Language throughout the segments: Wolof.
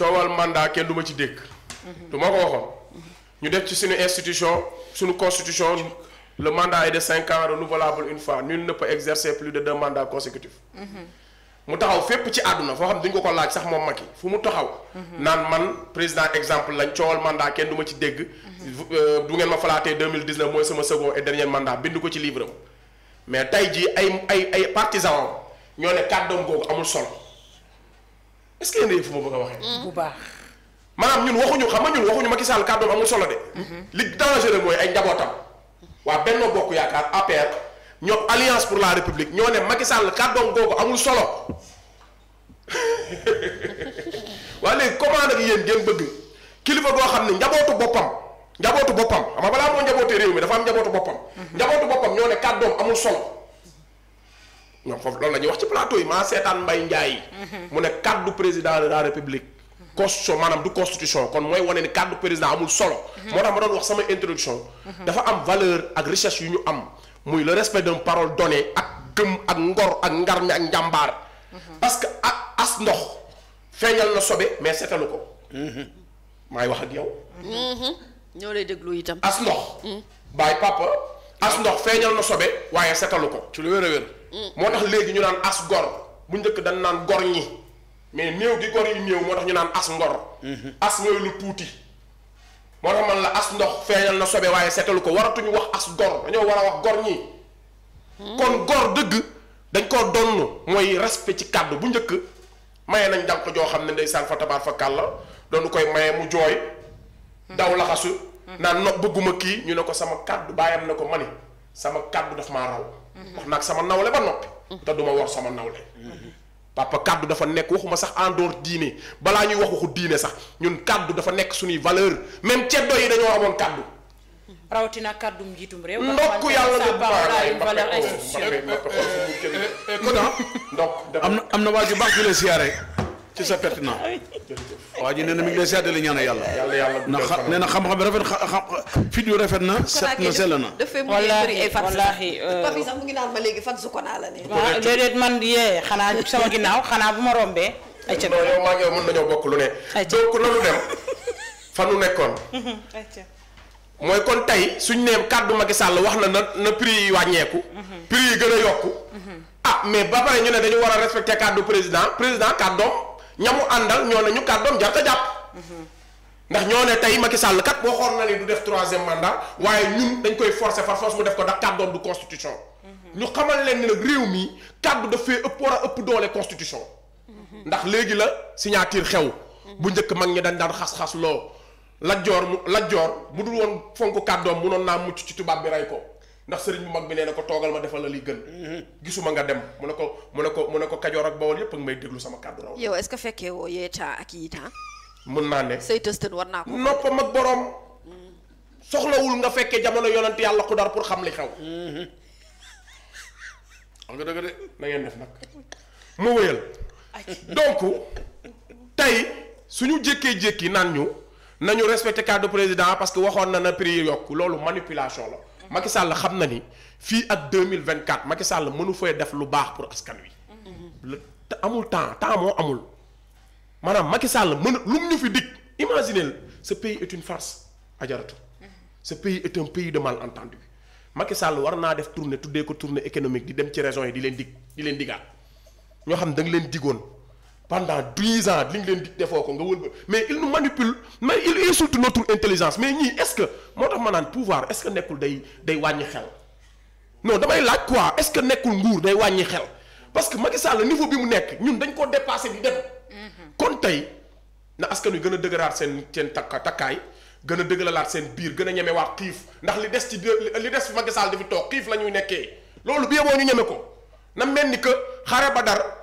coowal mandat kenn du ma ci dégg. Mhm. du ma ko waxoon. Mhm. ñu def ci suñu institution suñu constitution le mandat est de cinq ans renouvelable une fois nul ne peut exercer plus de deux mandats consécutifs. Mhm. mu taxaw fépp ci àdduna foo xam duñ ko ko laaj sax moom Macky fu mu taxaw. naan man président exemple lañ coowal mandat kenn du ma ci dégg. Euh, du ngeen ma falaatee deux mille dix mooy sama second et dernier mandat bind ko ci livre am mais tey jii ay ay ay partisans ñoo ne kàddoom amul solo. est-ce que yéen a yëg fu ma bëgg a waxee. Mm. bu baax. maanaam ñun waxuñu xam nga ñun waxuñu Macky Sall kàddoom amul solo de. Mm-hmm. Mm-hmm. li dangereux mooy ay njabootam. waa Benno Bokk Yaakaar APR ñoo Alliance pour la République ñoo ne Macky Sall kàddoom googu amul solo waa léegi comment nag yéen ngeen bëgg kilifa goo xam ne njabootu boppam njabootu boppam xam nga balaa moo njabootee réew mi dafa am njabootu boppam. Mm-hmm. njabootu boppam ñoo ne kàddoom amul solo. ñoom foofu loolu la ñuy wax ci plateau yi maa seetaan Mbaye Ndiaye. Mhm. mu ne kaddu président de la république. Mhm. constitution maanaam du constitution kon mooy wane ni kaddu président amul solo. Mhm. moo tax ma doon wax sama introduction. dafa am valeur ak richesse yu ñu am. muy le respect d'une parole donnée ak gëm ak ngor ak ngar mi ak njàmbaar. parce que as ndox feeñal na sobe mais setalu ko. maay wax yow. ñoo lay déglu itam. as ndox. bàyyi papa. as ah. ndox feeñal na sobe waaye setalu ko. ci lu wér a wér. moo tax léegi ñu naan as gor bu njëkk dañ naan gor ñi mais néew gi gor yi néew moo tax ñu naan as ngor mhm. as mooy nu tuuti moo tax man la as ndox feeñal na sobe waaye seetalu ko waratuñu wax as gor dañoo war a wax gor ñi hmm. kon gor dëgg dañ koo donn mooy respect ci kàddu bu njëkk mayee nañ jànq joo xam ne ndeysaan fa tabaar fa kàlla doonu koy maye mu jooy hmm. daw laxasu hmm. naan no bëgguma kii ñu ne ko sama kàddu bàyyam na ko mani sama kàddu daf maa raw wax nag sama nawle ba noppi. te duma wax war sama nawle. papa kàddu dafa nekk waxuma sax en dehors diine balaa ñuy wax waxu diine sax ñun kàddu dafa nekk suñuy valeur même ceddo yi dañoo amoon kàddu. rawatina kàddu njiitum réew. ndokk yàlla de baax oh, eh, eh, ah. na am na am na waa ju baax ju la siyaare sa pertinent na mi ngi lay seddali ñaan yàlla. yàlla yàlla na xam-xam bi rafet xam fit yu rafet na. set na sell na. wallaahi wallaahi. Euh, papi sax ma léegi fan su ko naa la ne. waaw déedéet man yee xanaa sama ginnaaw xanaa bu ma rombee. ayca non yow maa ngi yow mën nañoo bokk lu ne. donc nanu dem fa nu nekkoon. Mhm, mooy kon tey suñ nee kàddu Macky Sall wax na na na prix yi wàññeeku. Mhm. prix yi gën a yokku. Mhm. ah mais ba pare ñu ne dañu war a respecter kàddu président kàddoom. ñamu àndal ñoo ne ñu kàddoom jar ta jàpp. ndax ñoo ne tey Macky sàll kat boo waxoon na ne du def troisième mandat waaye ñun dañ koy forcer par force mu def ko ndax kàddoom du constitution. ñu xamal leen ne nag réew mi kàddu daf fee ëpp war a ëpp doole constitution. ndax léegi la signature xew. bu njëkk mag ñi dañ daan xas-xas loo. Lat Joor mu Lat Joor bu dul woon fonk kàddoom munoon naa mucc ci tubaab bi rey ko. ndax sëriñ bu mag mi nee na ko toogal ma defal la li gën. Mhm. gisuma nga dem mu ne ko mu ne ko mu ne ko kajoor ak bawol yépp ak may déglu sama kàddu raw. yow est-ce que fekkee woo yeetaa ak yi taa. mën naa ne say tëstën war naa ko. noppam ak boroom. Mhm. soxlawul nga fekkee jamono yonent yàlla ku dar pour xam li xew. Mhm. xam nga dëgg de na ngeen def nag mu wéyal. donc tey suñu jékkee jékki naan ñu na nañu respecté cadre président parce que waxoon na na prix yokk loolu manipulation la. Macky Sall xam na ni fii ak deux mille vingt quatre Macky Sall mënu fay def lu baax pour askan wi. te amul temps temps moo amul maanaam Macky Sall mën lu mu ñu fi dig imaginez ce pays est une farce ajaratu ce pays est un pays de malentendu Macky Sall war naa def tournée tuddee ko tournée économique di dem ci régions yi di leen dig di leen digaat ñoo xam da nga leen digoon. pendant dix ans li ñu leen di defoo ko nga wëlba mais il nous manipule mais il insulte notre intelligence mais ñii est-ce que moo tax ma naan pouvoir est-ce que nekkul day day wàññi xel non damay laaj quoi est-ce que nekkul nguur day wàññi xel parce que Macky Sall niveau bi mu nekk ñun dañ koo dépassé di dem. Mhm. kon tey na askan wi gën a dëgëraat seen seen takka takkaay gën a dëgëralaat seen biir gën a ñeme waa xiif ndax li des ci li des Macky Sall dafi toog xiif la ñuy nekkee loolu bi yeboo ñu ñeme ko na mel ni que xare ba dar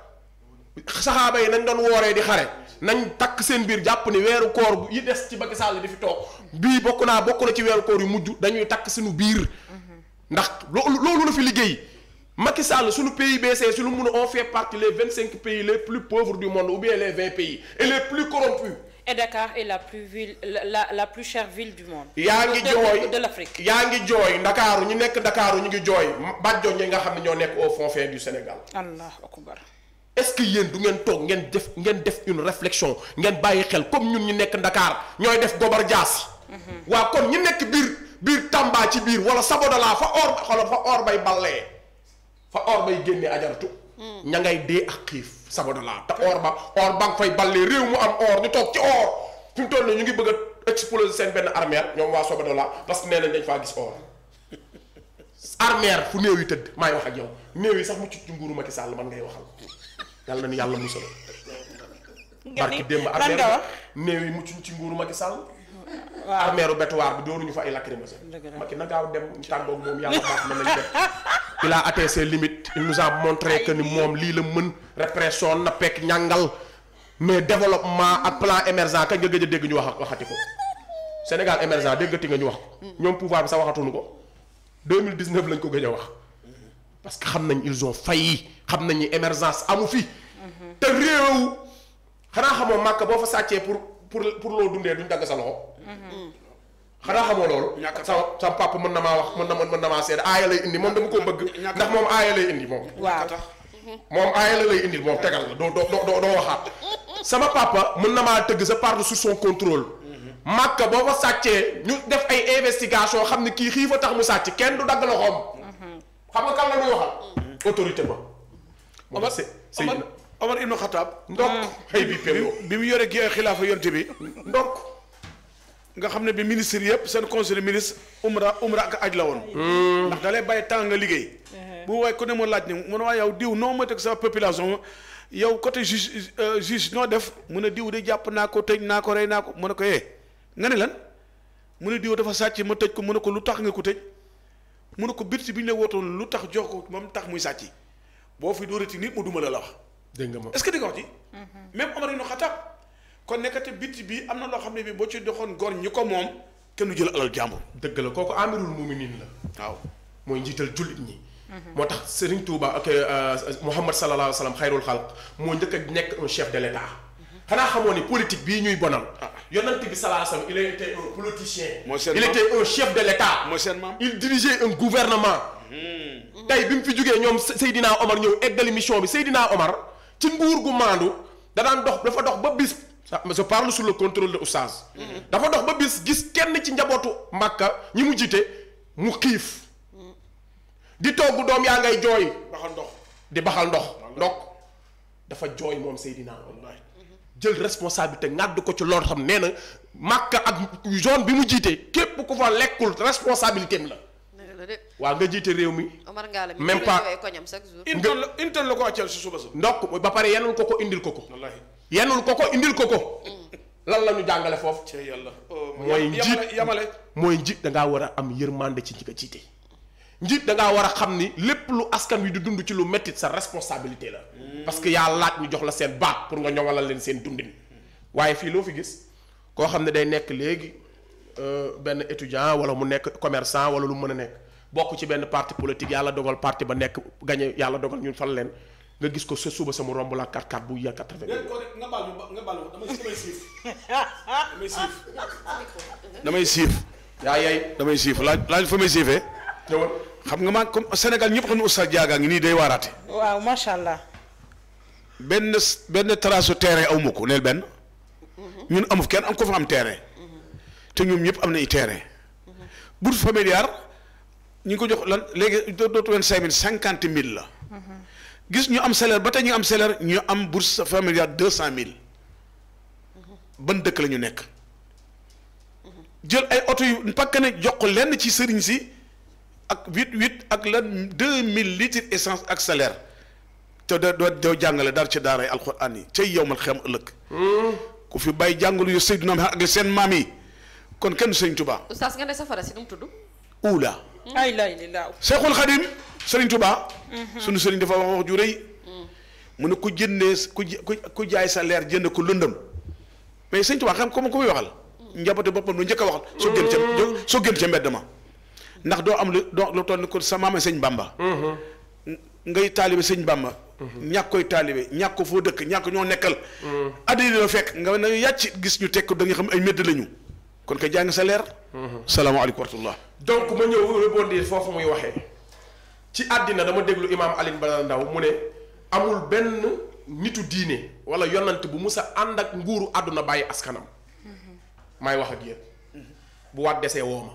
saxaaba yi nañ doon wooree di xare nañ takk seen biir jàpp ni weeru koor yi des ci Macky Sall di fi toog bii bokk naa bokk na ci weeru koor yu mujj dañuy takk suñu biir ndax loolu la fi liggéey Macky Sall suñu PIBC su lu mun a on fait partie les vingt cinq pays les plus pauvres du monde ou bien les pays et les plus corrompus et Dakar est la plus ville la la plus chère ville du monde. yaa ngi jooy de yaa ngi jooy ndakaaru ñu nekk ndakaaru ñu ngi jooy bàjjo nga xam ne ñoo nekk au fond fin du Sénégal. allah akbar est-ce que yéen du ngeen toog ngeen def ngeen def une réflexion ngeen bàyyi xel comme ñun ñu nekk Ndakaar ñooy def gobar jaas mhm. waaw kon ñu nekk biir biir Tamba ci biir wala Sabodala fa or xoolal fa or bay ballee fa mm. ak xiif Sabodala te or ba or ba nga fay ballee réew mu am or ñu toog ci or fi mu toll nii ñu ngi bëgg a exploser seen benn armère ñoom waa Sabodala parce que nee nañ dañ faa gis or armère fu néew yi tëdd maay wax ak yow néew yi sax mucc ci nguuru Macky Sall man ngay waxal yàlla na yàlla musal. barki démb armée néew yi mucc ci nguuru Macky Sall. waaw armeeru bétuwaar bi ñu fa ay lacrymogène. Macky na gaaw dem ñu tàggoog moom yàlla baax na a atteint a montré que ni moom lii la mën répression na pekk ñàngal mais développement ak plan émergent kañ nga gëj a dégg ñu wax waxati ko Sénégal émergent déggati nga ñu wax ko. ñoom pouvoir bi sax waxatuñu ko lañ ko gëj a wax. parce que xam nañ ils ont failli xam nañu émergence amu fi. te réew xanaa xamoo màkk boo fa sàccee pour pour pour loo dundee duñ dagg sa loxo. xanaa xamoo loolu. ñàkk sama sama papa mën na maa wax mën na mën na maa seede aaya indi moom dama ko bëgg. ndax moom moom. waaw moom aaya lay indi moom tegal la doo doo doo waxaat. sama papa mën na tëgg sa part sous son contrôle. Mhm. màkk boo fa sàccee ñu def ay investigation xam ne kii xiifa tax mu sàcc kenn du dagg loxoom. xam nga kan la muy waxal. Mm. autorité ba. Omar Omar Omar Ibn Khattab. ndokk xëy mm. bi bi mu yore gi xilaafa yonte bi ndokk nga xam ne bi ministre yëpp seen conseil ministre umra umra ak aj la woon. Mm. ndax da lay bàyyi temps nga liggéey. Mm-hmm. bu waaye ku ne ma laaj ne mu ne waaye yow diw noo ma teg sa population yow côté juge euh, juge noo def mu a diw de jàpp naa ko tëj naa ko rey naa ko mu a ko yee eh, nga ne lan mu ne diw dafa sàcc ma tëj ko mu ne ko lu tax nga ko tëj. mu ne ko budget bi ñu la wootoon lu tax jox ko moom tax muy sàcc boo fi dóorati nit mu duma la la wax. dégg nga ma est-ce que di nga wax ci. Mhm. même Omar ibn Khattab kon nekkati budget bi am na loo xam ne bi boo ci doxoon gor ñi ko moom kenn du jël alal jàmbur. dëgg la koo ko amirul muminin la. waaw mooy njiital jullit ñi. Mhm. moo tax Serigne Touba ak euh, Mouhamad sallallahu alayhi wa sallam xayrul xalq moo njëkk a nekk un chef de l' xanaa xamoo ne politique bii ñuy bonal. Ah. yonent bi salaasam il était un politicien. il était un chef de l'État. il dirigeait un gouvernement. Hmm. tey bi mu fi jógee ñoom Seydina Omar ñëw eggali mission bi dina Omar ci nguur gu maandu da dox dafa dox ba bis. sa parle sur le contrôle de Oustaz. Hmm. dafa dox ba bis gis kenn ci njabootu Makka ñi mu jiite mu xiif. di togg doom yaa ngay jooy. di baxal ndox. ndox dafa jooy moom Seydina Omar. jël responsabilité ngàdd ko ci loolu xam nee na màkka ak zone bi mu jiitee képp ku fa lekkul responsabilité la. waa nga jiite réew mi. Omar Ngalla mi même pas intal la intal la ko wàcceel si suba sa. ndokk ba pare yenul ko ko indil ko ko. wallaahi yenul ko ko indil ko ko. Mm. lan la ñu jàngale foofu. ci yàlla oh, mooy njiit mooy njiit da war a am yërmande ci ñi nga jiite. njiit da war a xam ni lépp lu askan wi di dund ci lu métti sa responsabilité la. Mm. parce que yaa laaj ñu jox la seen baax pour nga ñoŋalal leen seen dundin. waaye fii loo fi gis koo xam ne day nekk léegi euh, benn étudiant wala mu nekk commerçant wala lu mën a nekk bokk ci benn parti politique yàlla dogal parti ba nekk gañe yàlla dogal ñun fal leen. nga gis ko sa suba sama romb la 4-4 bu yàgg 80. déedéet ko nga baal nga baal damay siif damay siif damay ñëwal xam nga maa comme Sénégal ñëpp xam ne Oustaz Diaga ngi nii day waaraate. waaw macha allah. benn benn trasu terrain aw ma ko neel benn. ñun amu kenn am ko fa am terrain. te ñoom ñëpp am na nañu terrain. bourse familiale ñu ngi ko jox lan léegi dootu leen cinq mille cinquante mille la. gis ñu am salaire ba tey ñu am salaire ñu am bourse familiale deux cent mille. ban dëkk la ñu nekk. jël ay oto yu pakk ne jox lenn ci sëriñ si. ak huit huit ak la deux mille litres essence ak salaire te da doo jàngale dara ci daaray alxuraan yi cay yow man xam ëllëg. Hmm. ku fi bàyyi jàngalu yu Seydina Muhammad ak seen maam yi kon kenn Sëriñ Tuubaa. oustaz nga ne safara si nu mu tudd. Oula. Hmm. ay la ilaha. Seexul Xadim Sëriñ Tuubaa. Hmm. sunu sëriñ dafa wax wax ju rëy. mu ne ku jëndee ku ku jaay sa leer jënd ko lëndëm mais Sëriñ Tuubaa xam ko ma ko muy waxal. njabootu boppam lu njëkk a waxal. soo gën ca mbedd ma. ndax doo am lu doo lu toll ko sa maama sëñ Bamba. Mhm. ngay taalibe sëñ Bamba. Mhm. ñàkk koy taalibe ñàkk ko foo dëkk ñàkk ñoo nekkal. Mhm. addina la fekk nga ne yàcc gis ñu tekk ko xam ay médd lañu kon kay jàng sa leer. salaamaaleykum wa rahmatullah. donc ma ñëw rebondir foofu muy waxe ci àddina dama déglu imaam Alioune Badara Ndao mu ne amul benn nitu diine wala yonant bu mu sa ànd ak nguuru àdduna bàyyi askanam. maay wax ak yéen bu waat desee wooma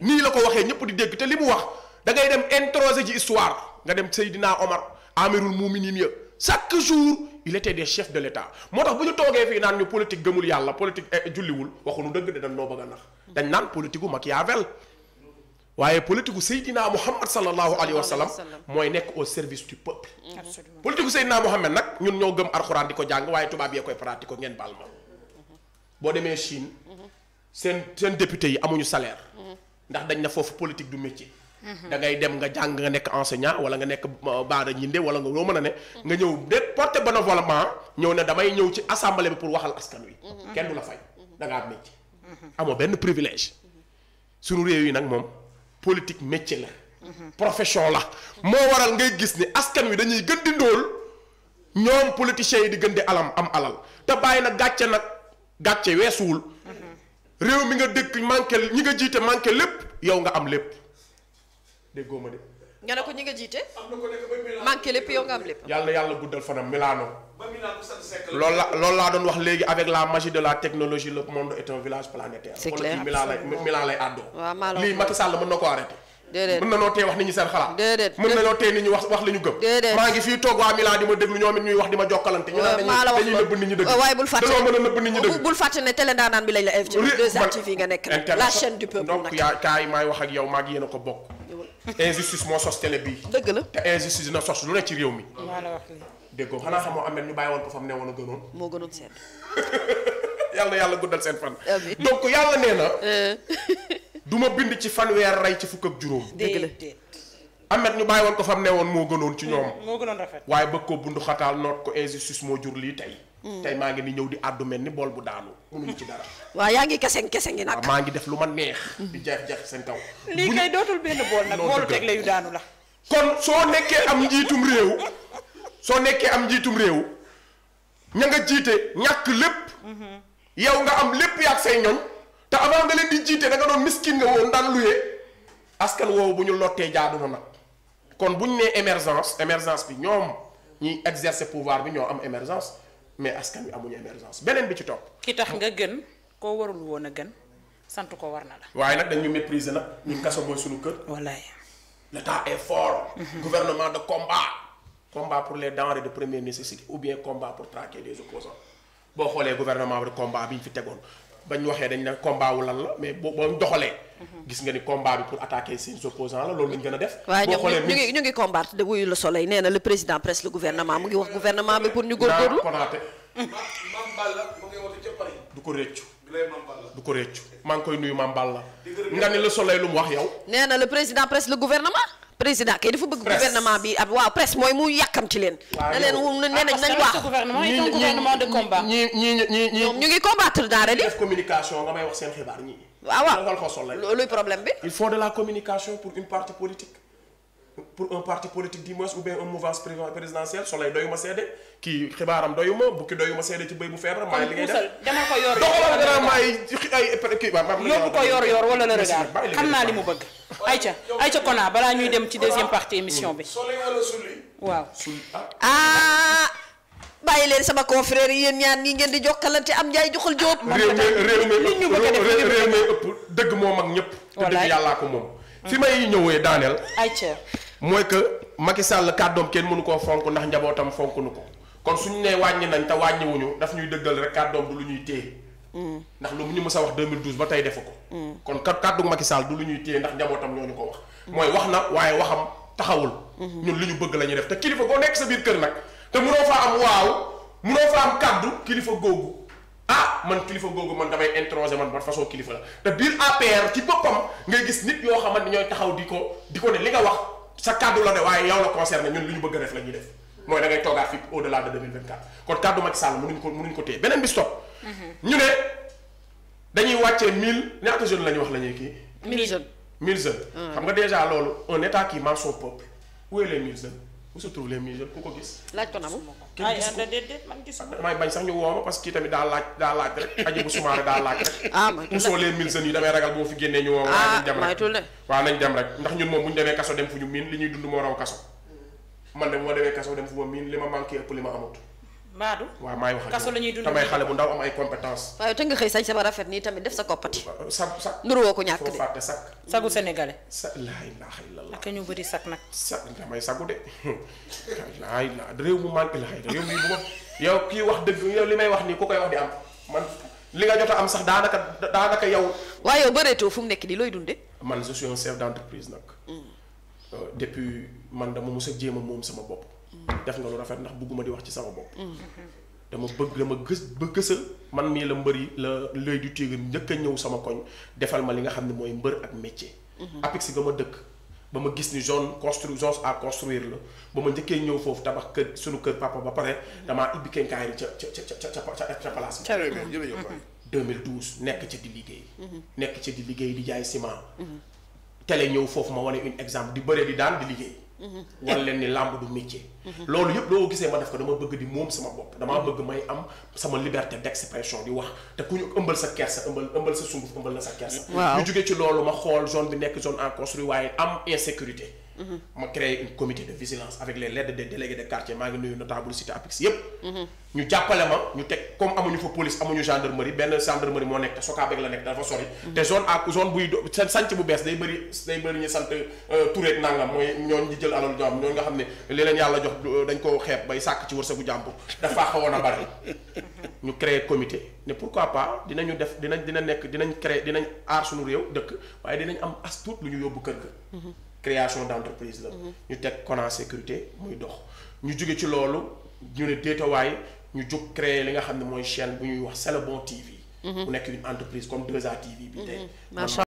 nii la ko waxee ñëpp di dégg te li mu wax da ngay dem introsé ji histoire nga dem Seydina Omar amirul muminin ya chaque jour il était des chefs de l'État moo tax bu ñu toogee fii naan ñu politique gëmul yàlla politique eh, julliwul waxuñu dëgg de dañ noo bëgg a nax dañ naan politique u Machiavel waaye politique u Seydina Muhammad sallallahu alayhi wa sallam mooy nekk au service du peuple politique u Seydina Muhammad nag ñun ñoo gëm alxuraan di ko jàng waaye tubaab yee koy pratiqué ko ngeen baal ma boo demee Chine seen seen député yi amuñu salaire ndax dañ na foofu politique du métier. da ngay dem nga jàng nga nekk enseignant wala nga nekk euh, baara ñinde wala nga loo mën a ne. nga ñëw de porté bénévolement ñëw ne damay ñëw ci assemblée bi pour waxal askan wi. Mhm. kenn du la fay mhm. da ngaa am mhm. amoo benn privilège. suñu réew yi nag moom politique métier la. profession la moo waral ngay gis ni askan wi dañuy gën di ndóol ñoom politiciens yi di gën di alam am alal te bàyyi na gàcce nag gàcce weesuwul. réew mi nga dëkk manqué ñi nga jiite manqué lépp yow nga am lépp déggoo ma de. nga ne ko ñi nga jiite. am na ko nekk ba lépp yow nga am lépp. yàlla yàlla guddal fanam Milano. ba Milano sant sekk la. loolu laa doon wax léegi avec la magie de la technologie le monde est un village planétaire. c'est clair kon kii Milan lay lii Macky Sall mën na ko arrêté. déedéet na noo tee wax ni ñu seen xalaat déedéet mën na noo tee ni ñu wax wax li gëm maa ngi fii toog waa Milan di ma déglu ñoom it ñuy wax di ma jokkalante ñu euh, la wax ak yow ko bokk la te injustice ñu bàyyi woon ko fam ne woon a gënoon moo gënoon seet yàlla yàlla guddal seen fan donc yàlla nee na euh. du ma bind ci fanweer rey ci fukk ak juróom. dëgg la Ahmed ñu bàyyi woon ko fam ne woon moo gënoon ci ñoom. Mm, moo gënoon rafet waaye bëgg ko bundu xataal noot ko injustice moo jur lii tey. Mm. tey maa ngi ni ñëw di àddu mel ni bool bu daanu. mënuñu ci dara. waaye yaa ngi kese kese ngi nag. maa ngi def lu ma neex. Mm. di jafe jafe seen kaw. lii kay dootul benn bool nag. boolu teg la yu daanu la. kon soo nekkee am njiitum réew soo nekkee am njiitum réew ña nga jiite ñàkk lépp. Mm-hmm. yow nga am lépp yaak say ñoñ te avant nga leen di jiite da nga doon miskin nga woon daan luyee askan woowu bu ñu lottee jaaduma nag kon bu ñu nee émergence émergence bi ñoom ñiy exercer pouvoir bi ñoo am émergence mais askan wi amuñu émergence beneen bi ci topp. ki tax nga gën koo warul woon a gën sant ko war na la. waaye nag dañu mépriser nag. ñu kaso mooy suñu kër. wallaay. l'état est fort. Mhm. gouvernement de combat. combat pour les denrées de première nécessité ou bien combat pour traquer les opposants boo xoolee gouvernement de combat bi ñu fi tegoon bañ waxee dañ na combat wu lan la mais boo boo doxalee. Mhm. gis nga ni combat bi pour attaquer seen opposants la loolu lañ gën a def. boo xoolee ñu ngi ñu ngi combattre wuyu le soleil nee na le président presse le gouvernement mu ngi wax gouvernement bi pour ñu. góorgóorlu naa du ko réccu. du ko réccu maa ngi koy nuyu maam Balla. nga ni la soleil lu mu wax yow. nee na le président presse le gouvernement. président kay dafa bëgg gouvernement bi ab waaw presse mooy mu yàkkamti leen. na leen wu nee nañ ah, nañ waax gouvernement est un gouvernement de combat. ñi ñi ñi ñu ngi combattre dans rek. Ah, waaw waaw luy problème bi. il faut de la communication pour une partie politique. pour un parti politique du moins ou bien une mouvance présidentielle Soleil doyu ma seede kii xibaaram bu feebar maa ngi yor doxalal dara maay ay balaa ñuy dem ci deuxième partie émission bi waaw ah. ah bàyyi leen sama confrère yéen ñaan ñi ngeen di jokkalante am njaay joxal jóob réew mi réew mi ëpp dëgg moom ak ñëpp te dëgg yàllaa ko moom fi may ñëwee daaneel Aïcha mooy que Macky Sall kàddoom kenn mënu koo fonk ndax njabootam fonk nu ko kon suñu nee wàññi nañ te wàññiwuñu daf ñuy dëggal rek kàddoom du lu ñuy téye. Mm. ndax lu mu ñu mës a wax 2012 ba tey defu ko. Mm. kon kat kàddu Macky Sall du lu ñuy téye ndax njabootam ñoo ko wax. mooy wax na waaye waxam taxawul. Mm-hmm. ñun li ñu bëgg la ñuy def te kilifa goo nekk sa biir kër nag te mënoo fa am waaw mënoo fa am kàddu kilifa googu ah man kilifa googu man damay introsé man ban façon kilifa te biir APR ci boppam ngay gis nit yoo xamante ñooy taxaw di ko di ko li nga wax. sa kàddu la ne waaye yow la concerné ñun lu ñu bëgg a def la ñuy def mooy da ngay toogaat fi au delà de 2024 kon kàddu Macky Sall mënuñ ko mënuñ ko téye beneen bi stop. Mhm. ñu ne dañuy wàccee mille ñaata jeunes la ñu wax la ñuy kii. mille jeunes mille jeunes. xam nga déjà loolu un état qui ment son peuple où est les où se trouvent les musées ku ko gis. laaj ko na mu ay déedéet man bañ sax ñu woo parce que kii tamit laaj daa laaj rek aji bu sumaare daa laaj rek. ah man de les mille damay ragal boo fi génnee ñu woo. ah maytul de waaw nañ dem rek ndax ñun moom bu demee kaso dem fu ñu miin li ñuy dund moo raw kaso. man de moo demee kaso dem fu ma miin li ma manqué ëpp li ma amut. maadu waaw maay wax kaso la ñuy dund tamay xale bu ndaw am ay compétence waaye te nga xëy sañ sama rafet nii tamit def sa koppati sa sa nuru woo ko ñàkk de fàtte sag sagu sénégalais sa laa ilaha illallah ak ñu bëri sag nag sa damay sagu de laa ilaha réew mu man yow mii wax dëgg li may wax nii ku koy wax am man li nga jot am sax daanaka daanaka yow waaye yow bëreetoo fu mu nekk nii looy dunde man je suis un chef d'entreprise nag mm. euh, depuis man dama mos a jéem a moom sama bopp def nga lu rafet ndax bëgguma di wax ci sama bopp. Mm. dama bëgg dama gës ba gësal man mii la mbër yi la l'Oeil du Tigre njëkk a ñëw sama koñ defal ma li nga xam ne mooy mbër ak métier. si mm-hmm. ga ma dëkk ba ma gis ni zone constru zone à construire la ba ma njëkkee ñëw foofu tabax kër suñu kër papa ba pare mm-hmm. damaa ibbi kenkaayri ca ca ca ca ca place bi. Mm-hmm. 2012 nekk ca di liggéey. nekk ca di liggéey di jaay ciment. télé ñëw foofu ma wane une exemple di bëre di daan di liggéey. war leen ni làmb du métier. loolu yëpp loo gisee ma def ko dama bëgg di moom sama bopp damaa bëgg may am sama liberté d'expression di wax te ku ñu ëmbal sa kersa ëmbal ëmbal sa sunguf ëmbal na sa kersa. waaw ñu ci loolu ma xool zone bi nekk zone en construit waaye am insécurité. ma créé un comité de vigilance avec les lettres des délégués de quartier maa ngi nuyu notable cité APIX yépp ñu jàppale ma ñu teg comme amuñu fa police amuñu gendarmerie benn gendarmerie moo nekk te Sokabeg la nekk dafa sori. te zone ak zone buy seen sànc bu bees day bëri day bëri ñu sant euh, Touré ak nangam mooy ñooñ di jël alal jàmm ñooñu nga xam ne li leen yàlla jox dañ ko xeeb bay sàkk ci wërsëgu jàmbur dafa xawoon a bari ñu créé comité ne pourquoi pas dinañu def dinañ dina nekk dinañ créé dinañ aar suñu réew dëkk waaye dinañ am as tuut lu ñu yóbbu création d' entreprise la. Mhm. ñu teg Kona sécurité muy dox. ñu jóge ci loolu ñu ne déetawaay ñu jóg créer li nga xam ne mooy chaîne bu ñuy wax C'est le bon TV. Mhm. mu nekk une entreprise comme 2A TV bi tey. Mhm.